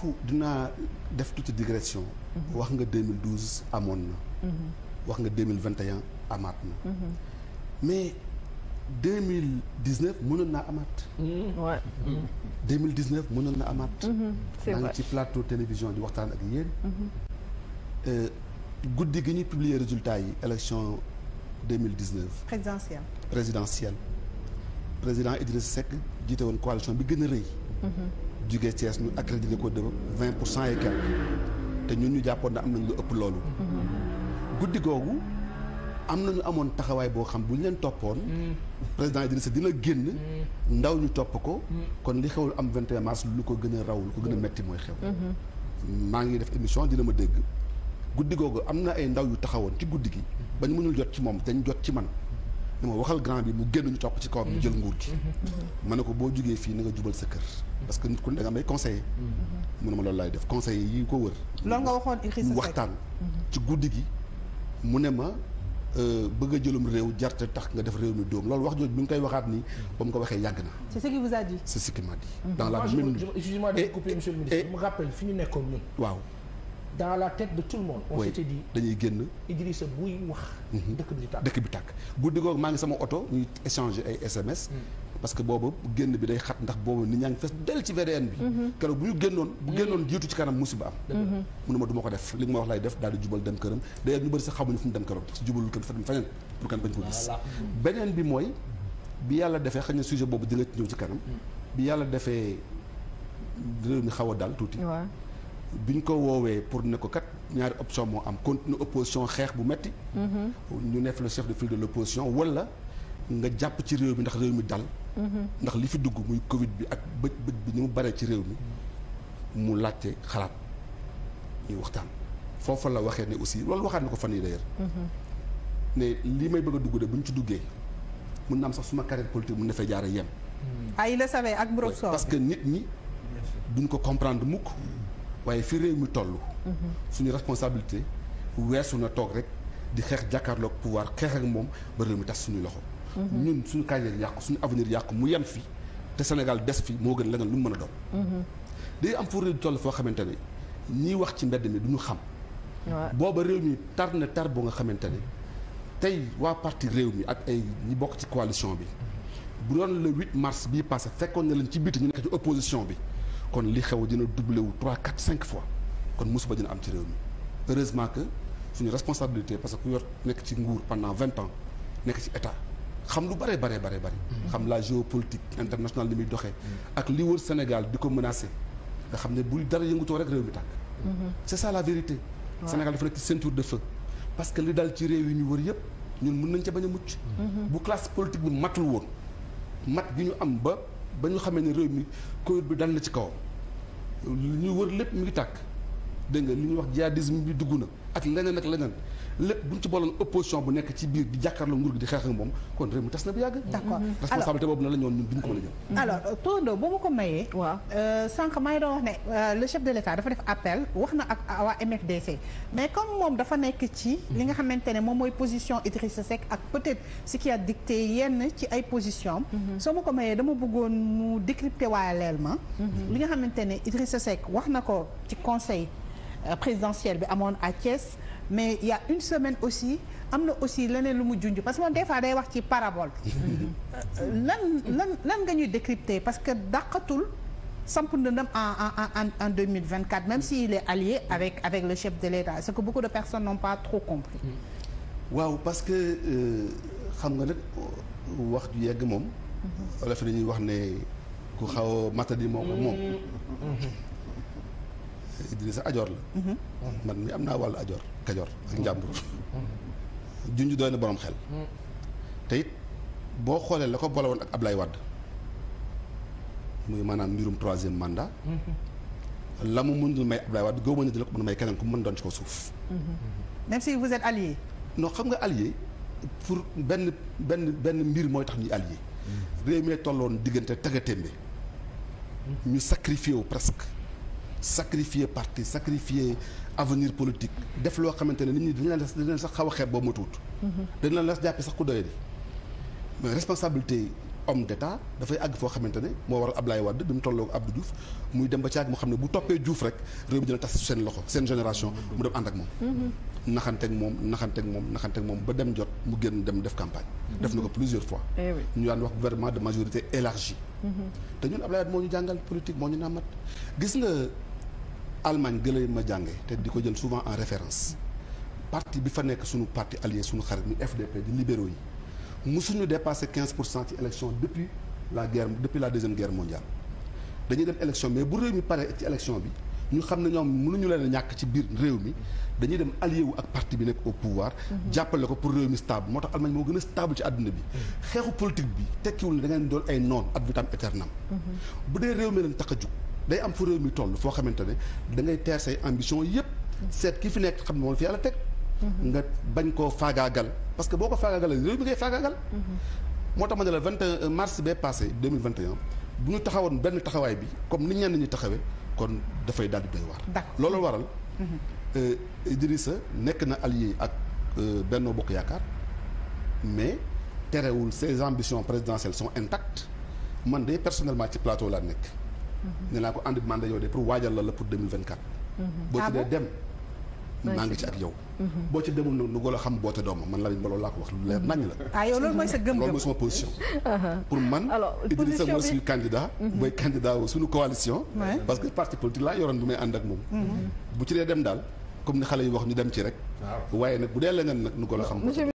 fu dinaa def tuuti digression. Mhm. wax nga 2012 amoon na. Mhm. wax nga 2021 amaat na. Mhm. mais 2019 mënoon naa amaat. waaw. 2019 mënoon na amaat. c'est vrai maa ngi ci plateau télévision di waxtaan ak yéen. Euh, guddi gi ñu publier résultats yi élection 2019. présidentielle présidentielle président Idriss Seck jiite woon coalition bi gën a rëy. jugee Thiès ñu accrédité ko de vingt pour cent et quelques te ñun ñu jàppoon na am nañ lu ëpp loolu guddi googu am na ñu amoon taxawaay boo xam bu ñu leen toppoon président sa dina génn ndaw ñu topp ko kon li xewul am 21 mars lu ko gën a raw lu ko gën a metti mooy xew maa ngi def émission dina ma dégg guddi googu am na ay ndaw yu taxawoon ci guddi gi ba ñu mënul jot ci moom dañ jot ci man ne ma waxal grand bi mu génn ñu topp ci kawam ñu jël nguur gi mm-hmm. Mm-hmm. ma ne ko boo jugee fii na nga jubal sa kër parce que nit ku ne da nga am ay conseiller mm-hmm. mu ne ma loolu laay def conseiller yi ko wër loolu nga waxoon Idrissa Seck gi mu ne ma euh, bëgg a jëlum réew jarte tax nga def réew mi dóom loolu wax jooju bi nga koy ko waxee yàgg na c'est ce qu'il vous a dit c'est ce qu'il m'a dit dans la fi ñu nekkoon ñun dans la tête de tout dañuy génn. Idrissa buy wax. Mhm. dëkk bi di tàkk dëkk bi tàkk guddi googu maa ngi sama oto ñuy échanger ay SMS. Mm. parce que boobu génn bi day xat ndax boobu nit ñaa ngi fes del ci VDN bi. Mhm. keroog bu ñu génnoon bu mm. génnoon jiitu ci kanam musiba am. Mhm. mu ne ma du ma ko def li nga ma wax lay def daal di jubal dem këram d'ailleurs ñu bëri sax xamuñu fu mu dem këram si jubalul kër fa dem feneen pour kan bañ ko gis. Mm. beneen bi mooy bi yàlla defee xëy na sujet boobu di nga ñëw ci kanam. bi yàlla defee réew mi xaw a daal tuuti. bi ko woowee pour ne ko kat ñaari option moo am continue opposition xeex bu metti mm-hmm. ñu neef le chef de file de l'opposition wala nga jàpp ci réew mi ndax réew mi dal mm-hmm. ndax li fi dugg muy covid bi ak bëj bëj bi ni mu baree ci réew mi mu laajte xalaat ñuy waxtaan foofa la waxee ne aussi loolu waxaat na ko fan yi d'ailleurs mm-hmm. ne li may bëgg dugg de bu ñu ci duggee mun na am sax suma carrière politique mun na fay jaare yem ay ah, la savait ak Mbodj Sow parce que nit ñi duñ ko comprendre mukk waaye fi réew mi toll. suñu responsabilité weesu na toog rek di xeex jàkkaarloog pouvoir xeex ak moom ba réew mi tas suñuy loxo. ñun suñu carrière yàqu suñu avenir yàqu mu yem fi te Sénégal des fi moo gën leneen lu mu mën a doon. Mhm. day am fu réew toll foo xamante ne ñiy wax ci mbedd mi du ñu xam. booba réew mi tar na tar boo nga xamante ne tey waa parti réew mi ak ay ñi bokk ci coalition bi bu doon le 8 mars bii passé fekkoon na leen ci biti ñu nekk ci opposition bi. kon li xew dina doublé wu trois quatre cinq fois kon musiba dina am ci réew mi heureusement que suñu responsabilité parce que ku yor nekk ci nguur pendant vingt ans nekk ci état xam lu bare bare bare bare xam la géopolitique internationale li muy doxee ak li wër Sénégal di ko menacé nga xam ne bu dara yëngutoo rek réew mi tàkk c'est la vérité Sénégal dafa nekk ci ceinture de feu parce que li dal ci réew yi ñu wër yëpp ñun mën nañ ca bañ a mucc mhm. bu classe bi ñu am ba ba ñu xamee ne réew mi Covid bi dal na ci kawam li ñuy wër lépp mu ngi tàkk. dégg nga li ñuy wax jihadisme bi dugg na ak leneen ak lépp bu ñu ci boloon opposition bu nekk ci biir di jàkkaarloo nguur gi di xeex ak moom kon réew mi tas na bu yàgg. d'accord mm-hmm. responsabilité boobu na la ñoon ñun duñ ko mën a jël. Mm-hmm. Euh, boo ma ko mayee. waaw euh, sànq maa ngi wax ne euh, le chef de l'État dafa def appel wax na ak waa MFDC mais comme moom dafa nekk ci. li nga xamante ne moom mooy position Idrissa Seck ak peut-être qui a dicté yenn ci ay position mm-hmm. soo ma ko mayee dama bëggoon mu décrypter waaleel ma. li nga xamante ne Idrissa Seck wax na ko ci conseil. Euh, présidentielle bi amoon à Thiès mais il y a une semaine aussi am na aussi leneen lu mu junj parce que moom des fois day wax ci parabole. lan lan lan nga ñuy décrypter parce que dàqatul samp ndëndam en en en en deux mille vingt quatre même s'il est allié avec avec le chef de l'État ce que beaucoup de personnes n'ont pas trop compris. Mm-hmm. waaw parce que euh, xam nga nag wax ju yegg moom. Mm-hmm. wala fi dañuy wax ne ku xaw a matadi moom moom. Mm-hmm. a ajoor la mhm. man mi am naa wàllu ajoor kajoor ak njàmbur mhm. junj doy na borom xel mhm. te boo xoolee la ko boole woon ak Ablaye Wade muy maanaam mbirum troisième mandat la mu mënul may Ablaye Wade góob na dina ko mën a may keneen ku mën doon ci ko suuf même si vous êtes allié non xam nga allié pour benn benn benn mbir mooy tax ñuy allié réew mi tolloon diggante tagatémbe ñu sacrifié presque sacrifier parti sacrifier avenir politique def loo xamante ne nit ñi dañ la dañ leen sax xaw a xeeb boo ma tuut dañ la las jàppe sax ku doyadi mais responsabilité homme d'État dafay àgg foo xamante ne moo waral Ablaye Wade bi mu tolloo Abdou Diouf muy dem ba ci àgg mu xam ne bu toppee Diouf rek réew mi dina tas seen loxo seen génération mu dem ànd ak moom naxanteeg moom naxanteeg moom moom ba dem jot mu génn dem def campagne def na ko plusieurs fois eh ñu daan wax Allemagne gëla ma jànge te di ko jël souvent en référence parti bi fa nekk suñu parti allié suñu xarit mi FDP di libéraux yi musuñu dépassé quinze pour cent ci élection depuis la guerre depuis la deuxième guerre mondiale dañuy dem élection mais bu réew mi pare ci élection bi ñu xam ne ñoom mënuñu leen ñàkk ci biir réew mi dañuy dem allié wu ak parti bi nekk au pouvoir mhm. jàppale ko pour réew mi stable moo tax Allemagne moo gën a stable ci àdduna bi mhm. xeexu politique bi tekkiwul ne da ngeen doon ay noon ad vitam aeternam mhm. bu dee réew mi leen day am fu réew mi toll foo xamante ne da ngay teer say ambition yëpp seet ki fi nekk xam ne moom la fi yàlla teg nga bañ koo faagaagal parce que boo ko faagaagal réew mi ngay faagaagal moo tax ma la vingt et un mars bee passé deux mille vingt et taxawoon benn taxawaay bi comme ni ñenn ñi taxawee kon dafay daal di doy waar loolu waral mhm. euh, Idrissa nekk na allié ak euh, Benno Bokk Yaakaar mais terewul ses ambitions présidentielles sont intactes man de personnellement ci plateau laa nekk ne naa ko ànd bi man dañoo de pour waajal la la pour 2024. Mhm. boo ci ah dee dem maa ngi ci ak yow. Mhm. boo ci demul nu golo xam boote doomam man Lamine Ba loolu laa ko wax lu leer nañ la. ah loolu mooy sa gëm-gëm uh-huh. pour man Idrissa mooy suñu candidat. Mhm. mooy candidat wu suñu coalition. parce que parti politique laa yoroon bi may ànd ak moom. bu ci dee dem daal comme ni xale yi wax ñu dem ci rek. waaye nag bu dee leneen nag nu golo xam.